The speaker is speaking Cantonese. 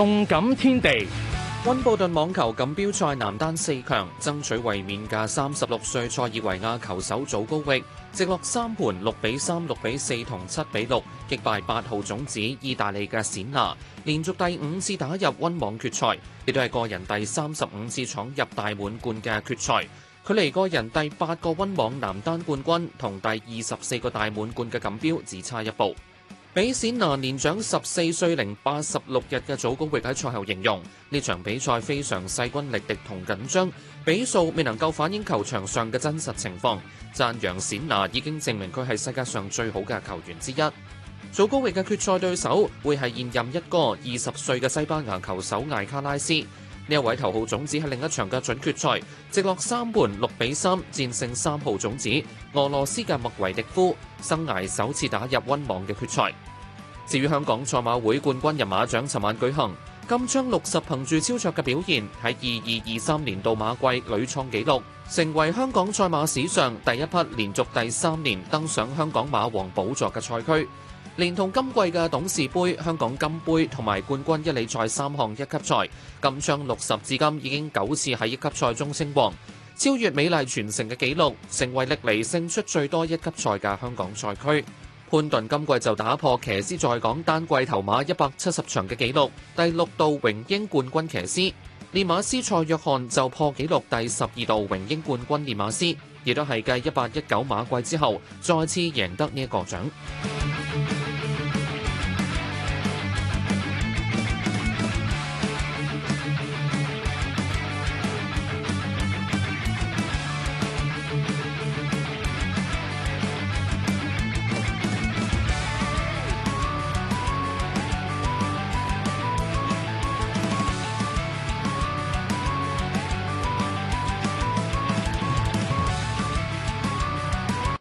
動感天地，温布頓網球錦標賽男單四強爭取衛冕嘅三十六歲塞爾維亞球手祖高域，直落三盤六比三、六比四同七比六擊敗八號種子意大利嘅閃牙，連續第五次打入温網決賽，亦都係個人第三十五次闖入大滿貫嘅決賽，距離個人第八個温網男單冠軍同第二十四個大滿貫嘅錦標只差一步。比冼拿年長十四歲零八十六日嘅祖高域喺賽後形容呢場比賽非常勢均力敵同緊張，比數未能夠反映球場上嘅真實情況，讚揚冼拿已經證明佢係世界上最好嘅球員之一。祖高域嘅決賽對手會係現任一哥二十歲嘅西班牙球手艾卡拉斯。呢一位頭號種子喺另一場嘅準決賽，直落三盤六比三戰勝三號種子俄羅斯嘅麥維迪夫，生涯首次打入溫網嘅決賽。至於香港賽馬會冠軍人馬獎，尋晚舉行。金槍六十憑住超卓嘅表現喺二二二三年度馬季屢創紀錄，成為香港賽馬史上第一匹連續第三年登上香港馬王寶座嘅賽駒。連同今季嘅董事杯、香港金杯同埋冠軍一哩賽三項一級賽，金槍六十至今已經九次喺一級賽中稱王，超越美麗傳承嘅紀錄，成為歷嚟勝出最多一級賽嘅香港賽駒。潘頓今季就打破騎師在港單季頭馬一百七十場嘅紀錄，第六度榮膺冠軍騎師；練馬師蔡約翰就破紀錄第十二度榮膺冠軍練馬師，亦都係繼一八一九馬季之後，再次贏得呢一個獎。